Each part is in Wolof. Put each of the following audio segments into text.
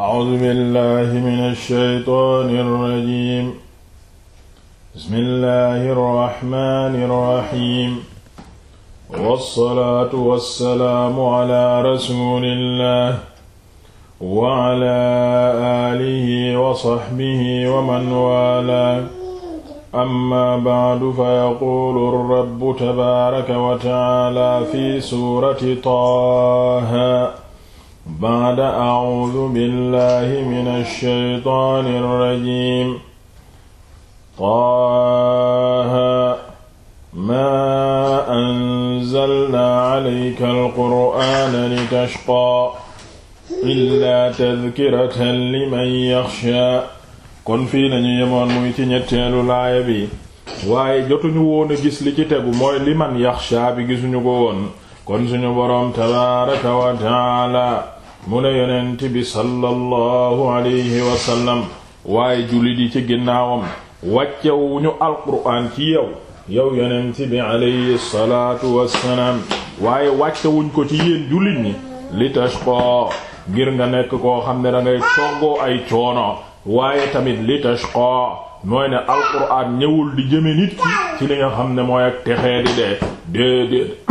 أعوذ بالله من الشيطان الرجيم بسم الله الرحمن الرحيم والصلاة والسلام على رسول الله وعلى آله وصحبه ومن والاه أما بعد فيقول الرب تبارك وتعالى في سورة طه baada audu billahi min alsheytaani alrajim taaha maa anzalnaa alayka alqur'aana litashqaa illaa tadkiratan liman yaxshaa kon fii lañu yemoon muy ci ñetteelu laaya bi waaye jotuñu woon a gis li ci tegu mooy liman yaxshaa bi gisuñu ko woon kon suñu boroom tabaaraka wa taala mu ne yonent bi sallallahu alayhi wa waaye jullit yi ci ginnaawam wàccewuñu ñu alquraan ci yow yow yonent bi alayhi salaatu wassalaam waaye wàccewuñ ko ci yéen jullit ñi li tashqaa ngir nga nekk koo xam ne da toggoo ay coono waaye tamit li tashqaa mooy ne alquraan ñëwul di jëme nit ki ci li nga xam ne mooy ak texee di dee déedéet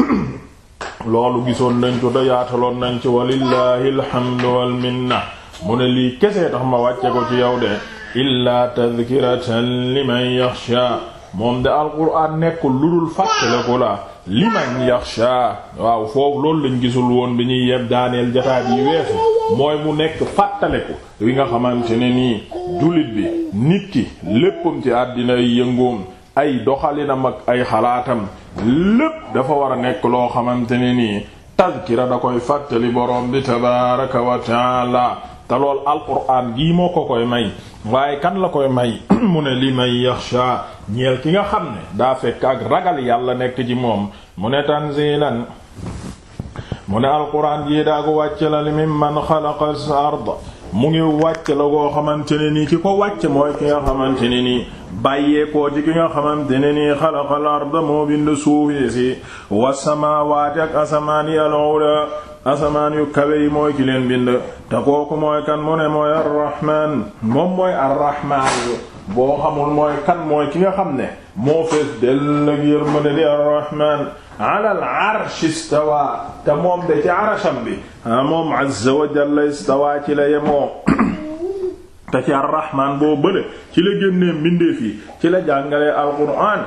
loolu gisoon nañ ko da yaataloon ci walillahi alhamdu wal minna mu ne lii kese tax ma wàcce ko ci yow de illaa tadhkiratan liman yaxsha moom de alquraan nekkul lu dul fàttaliku la liman yaxsha waaw foofu loolu lañ gisul woon bi ñuy yeb daaneel jataat yi weesu mooy mu nekk fàttaliku wi nga xamante ne nii jullit bi nit ki léppam ci àddina ay yëngoom ay doxalinam ak ay xalaatam lépp dafa war a nekk loo xamante ne nii tazkira da koy fàttali borom bi tabaaraka wa taala te lool alquraan gii moo ko koy may waaye kan la koy may mu ne li may yaxsha ñeel ki nga xam ne daa fekk ak ragal yàlla nekk ci moom mu ne tanzilan mu ne alquraan gii daa ko wàcc la li mimman xalaqa al mu ngi wàcc la koo xamante ne nii ki ko wàcc mooy ki nga xamante ne nii bàyyeekoo ci ki nga xamante ne nii xalaqal arda moo bind suufi si wasamaawaati ak asamaan yi al-ula asamaan yu kawe yi mooy ki kan mu ne mooy moom mooy arrahman boo xamul mooy kan mooy ki nga xam ne moo fees dell ak yërmande di arrahman ala al arsh istawa moom de ci arsham bi ah, moom azza wa jalla istawa ci la te ci arrahman boo bële ci la génnee mbindeef yi ci la jàngalee alquran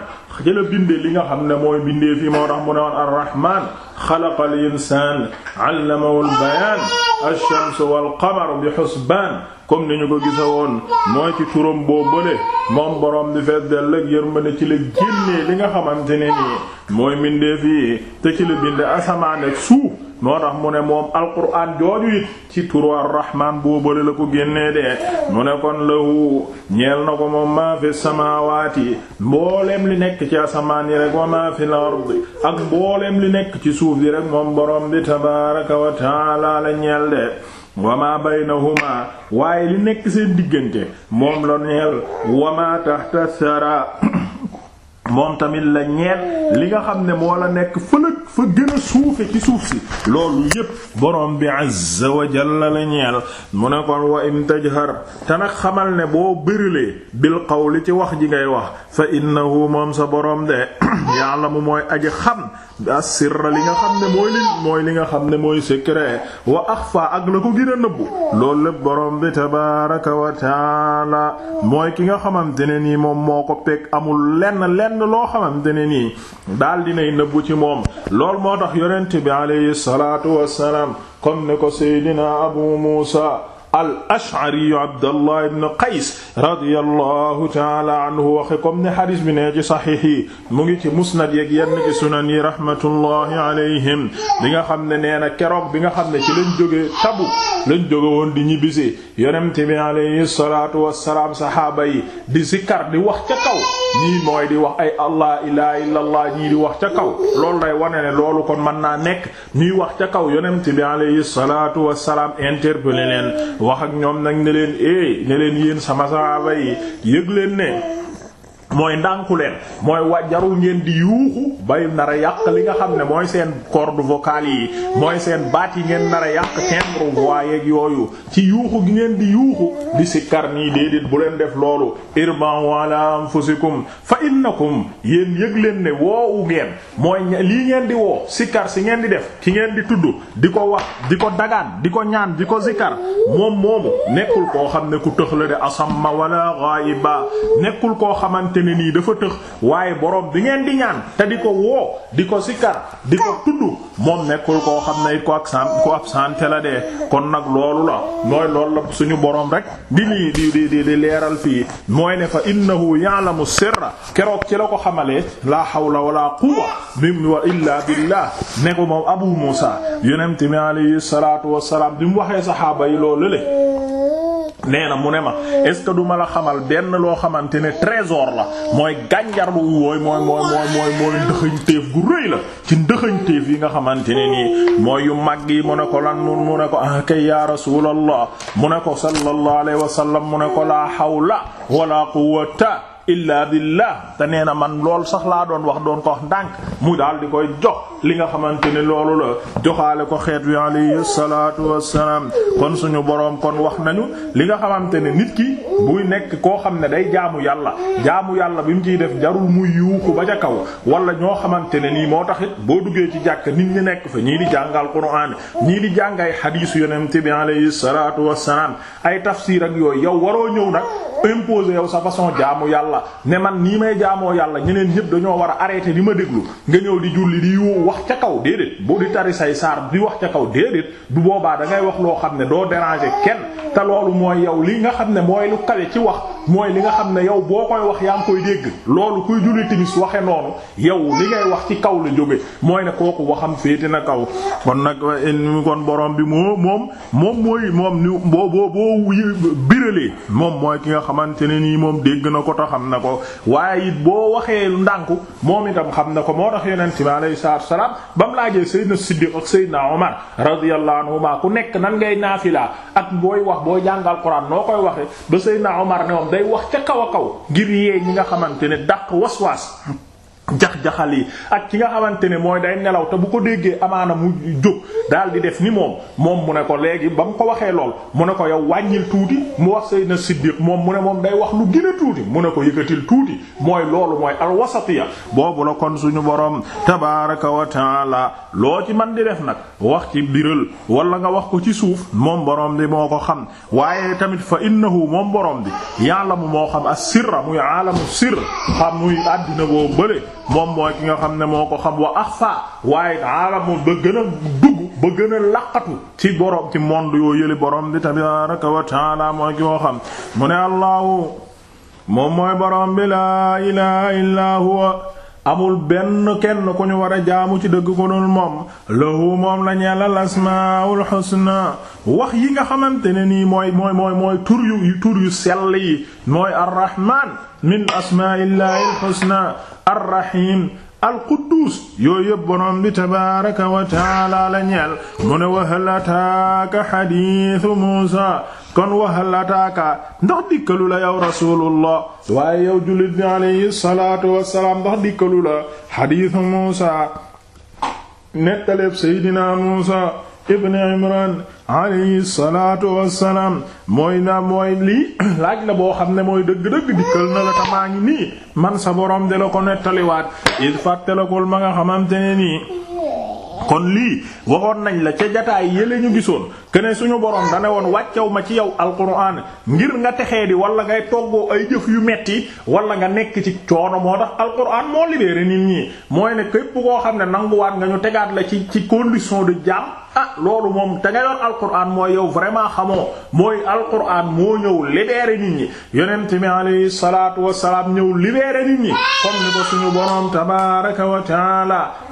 ci la binde li nga xam ne mooy mbindeef yi moo tax mu ne woon arrahman xalaqa al insaan allamahu al bayaan ash-shamsu wal qamaru bi husbaan comme ni ñu ko gisa woon mooy ci turam boo bële moom boroom di fees dell ak yërmande ci la génnee li nga xamante ne nii mooy mbindeef yi te ci la binde asamaan ak suuf moo tax mu ne moom alquran jooju it ci turu arrahmaan boobale la ko génnee de mu ne kon lahu ñeel na ko moom maa fi samaawaati mboolem li nekk ci asamaan yi rek wa maa fi al ak mbooleem li nekk ci suuf yi rek moom borom bi tabaaraka wa taala ñeel de wamaa baynahuma waaye li nekk seen diggante moom la ñeel wamaa tahta sara moom tamit la ñeel li nga xam ne moo la nekk fële fa gën a suufe ci suuf si loolu yépp borom bi azza wa la ñeel mu ne kon wa in tajhar te xamal ne boo bërilee bil qawli ci wax ji ngay wax fa innahu moom sa borom de la mu mooy aji xam asirra li nga xam ne mooy li mooy li nga xam ne mooy secret wa axfa ak la ko gën a nëbbu loolu lépp borom bi tabaaraka wa taala mooy ki nga xamante ne nii moom moo ko pegg amul lenn lenn loo xamante ne nii daal dinay nëbbu ci moom loolu moo tax yonent bi alayhi salaatu wassalaam comme ne ko seydina abu muusa al ashariyu abdallah ibn qays radiyallahu taala anhu waxe comme ni xadis bi nee ci saxiix yi mu ngi ci musnad yeeg yenn ci sunan yi rahmatullahi alayhim bi nga xam ne nee na keroog bi nga xam ne ci lañ jógee tabu lañ jóge woon di ñibbisi yonem bi alayhi salaatu wassalaam saxaaba yi di zikkar di wax ca kaw ñii mooy di wax ay allah ilaha illallah ñii di wax ca kaw loolu lay wane ne loolu kon mën naa nekk ñuy wax ca kaw yonent bi alayhi salaatu wassalaam interpellé leen wax ak ñoom nag ne leen eh ne leen yéen sama sahaaba yi yëg leen ne mooy ndànku leen mooy wàjjarul ngeen di yuuxu bay nara yàq li nga xam ne mooy seen cordes vocales yi mooy seen baat yi ngeen nar yàq timbre voix yeeg yooyu ci yuuxu gi ngeen di yuuxu di sikkar nii déedéet bu leen def loolu irban ala anfusikum fa innakum yéen yëg leen ne woowu ngeen mooy lii ngeen di woo sikkar si ngeen di def ki ngeen di tudd di ko wax di ko dagaan di ko ñaan di ko sikkar moom moomu nekkul koo xam ne ku tëx la de asamma wala ghaiba nekkul ne nii dafa tëx waaye boroom bi ngeen di ñaan te di ko woo di ko sikkar di ko tudd moom nekkul ko xam ne ko absent ko absenté la dee kon nag loolu la mooy loolu la suñu boroom rek di lii di di di leeral fii mooy ne fa innahu ya'lamu sirra keroog ci la ko xamale laa xaw la hawla wala quwwa wa illaa billah ne ko moom Abu Musa yonent mi alayhi salaatu wassalaam bi mu waxee saxaaba yi loolu le nee na mu ne ma est ce que du ma la xamal benn loo xamante ne trésor la mooy gànjar bu wooy mooy mooy mooy mooy mooy gu rëy la ci ndëxañteef yi nga xamante ne nii mooy yu màgg yi mu ne ko lan mun mu ne ko ah kay ya rasulallah mu ne ko sallallahu alayhi wa sallam mu ne ko la hawla wala quwwata illa billah te nee na man lool sax laa doon wax doon ko wax ndànk mu daal di koy jox li nga xamante ne loolu la joxaale ko xeet wi alayhi salaatu wassalaam kon suñu boroom kon wax nañu li nga xamante ne nit ki buy nekk koo xam ne day jaamu yàlla jaamu yàlla bi mu ciy def jarul muy yuuxu ba ca kaw wala ñoo xamante ne nii moo tax it boo duggee ci jàkk nit ñi nekk fa ñii di jàngal Qur'aan ñii di jàngay xadiisu yonent bi alayhi salaatu wassalaam ay tafsir ak yooyu yow waroo ñëw nag yàlla ne man nii may jaamoo yàlla ñeneen ñëpp dañoo war a arrêté di ma déglu nga ñëw di julli di yu wax ca kaw déedéet boo di tari say saar di wax ca kaw déedéet du boobaa da wax loo xam ne doo déranger kenn te loolu mooy yow li nga xam ne mooy lu kawe ci wax mooy li nga xam ne yow boo koy wax yaa ngi koy dégg loolu kuy julli timis waxe noonu yow li ngay wax ci kaw la jóge mooy ne kooku waxam féete na kaw kon nag kon borom bi moo moom moom mooy moom ni boo boo boo biralee moom mooy ki nga xamante ne nii moom dégg na ko xam na ko waaye it boo waxee ndànku moom itam xam na ko moo tax yonent bi alayhi salaatu wasalaam ba mu laajee Seydina Siddiq ak Seydina Omar radiyallahu anhuma ku nekk nan ngay naafilaa ak booy wax booy jàngal Alxuraan noo koy waxee ba Seydina Omar ne moom day wax ca kaw a kaw ngir yee ñi nga xamante ne dàq waswaas jaxal yi ak ki nga xamante ne mooy day nelaw te bu ko déggee amaana mu jóg daal di def ni moom moom mu ne ko léegi ba mu ko waxee lool mu ne ko yow wàññil tuuti mu wax sa Seydina Siddiq moom mu ne moom day wax lu gën tuuti mu ne ko yëkkatil tuuti mooy loolu mooy alwasatiya boobu la kon suñu borom tabaaraka wa taala loo ci man di def nag wax ci biral wala nga wax ko ci suuf moom borom bi moo ko xam waaye tamit fa innahu moom borom bi ya'lamu moo xam as-sirra moom mooy ki nga xam ne moo ko xam wa axfa waaye aalamu ba gën a dugg ba gën a laqatu ci borom ci monde yoo yëli borom bi tabaaraka wa taala mooy ki moo xam mu ne allahu moom mooy borom bi laa ilaha illaa huwa amul benn kenn ku ñu jaamu ci dëgg ko dul moom lahu moom la ñeel al asmaul husna wax yi nga xamante ne nii mooy mooy tur yu tur yu sell yi mooy arrahman min asmaillahi al husna arrahim alquddus yooyu yëpp bi tabaraka wa taala la ñeel mu ne wa hal ataaka hadithu musa kon waxal ataaka ndax dikkalu la yow rasulullah waaye yow jullit bi alayhi salaatu wassalaam ndax dikkalu la xadiisu Muusa nettaleeb Seydina Muusa ibn Imran alayhi salaatu wassalaam mooy na mooy lii laaj boo xam ne mooy dëgg-dëgg dikkal na la nii man sa de la ko nettaliwaat il fàttalakul ma nga xamante ne nii kon lii waxoon nañ la ca jataay yële ñu gisoon kene suñu borom dane woon wàccew ma ci yow alquran ngir nga texee di wala ngay toggoo ay jëf yu metti wala nga nekk ci coono moo tax alquran moo libéré nit ñi mooy ne këpp koo xam ne nanguwaat nga ñu tegaat la ci ci condition de jaam ah loolu moom te nga yor alquran mooy yow vraiment xamoo mooy alquran moo ñëw libéré nit ñi yonent mi alayhi salaatu wassalaam ñëw libéré nit ñi ni ko suñu borom tabaaraka wa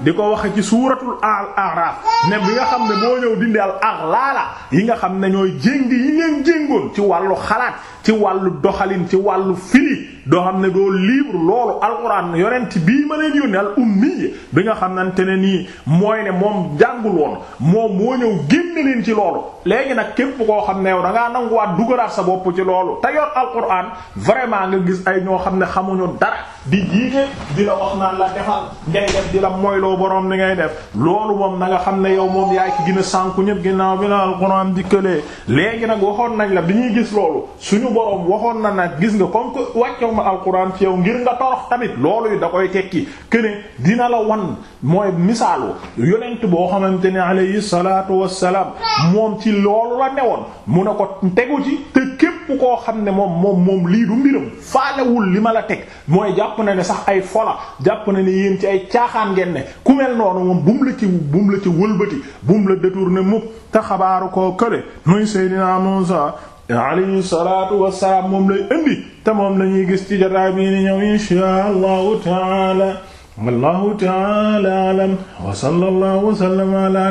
di ko waxe ci suuratul al-a'raaf ne bi nga xam ne moo ñëw dindi al aghlaala yi nga xam ne ñooy jéng yi leen jéngoon ci wàllu xalaat ci wàllu doxalin ci wàllu fili doo xam ne doo libre loolu alquran yonent bii ma leen yónnee al ummi bi nga xamante ne nii mooy moom jàngul woon moom moo ñëw génne leen ci loolu léegi nag képp koo xam ne yow da ngaa nanguwaat dugaraat sa bopp ci loolu te yor alquran vraiment nga gis ay ñoo xam ne xamuñu dara. di jiite di la wax naan la defal ngay def di la moyloo borom ni ngay def loolu moom na nga xam ne yow moom yaay ki gën a sànku ñëpp ginnaaw bi la alxuraan dikkalee léegi nag waxoon nañ la bi ñuy gis loolu suñu borom waxoon na nag gis nga comme que wàccew ma alxuraan ci yow ngir nga torox tamit loolu yi da koy tekki këne dina la wan mooy misaalu yonent boo xamante ne alayhi salaatu wassalaam moom ci loolu la woon mu ne ko tegu ci te képp képp koo xam ne moom moom moom lii du mbiram faalewul li ma la teg mooy jàpp na ne sax ay fola jàpp na ne yéen ci ay caaxaan ngeen ne ku mel noonu moom bu la ci bu mu la ci wëlbati bu mu la détourné mukk te xabaaru koo kële Seydina Muusaa alayhi salaatu wassalaam moom lay indi te moom lañuy gis ci jotaay bi ni ñëw inshaa Allahu taala wallahu taala alam wa sallallahu wa sallama ala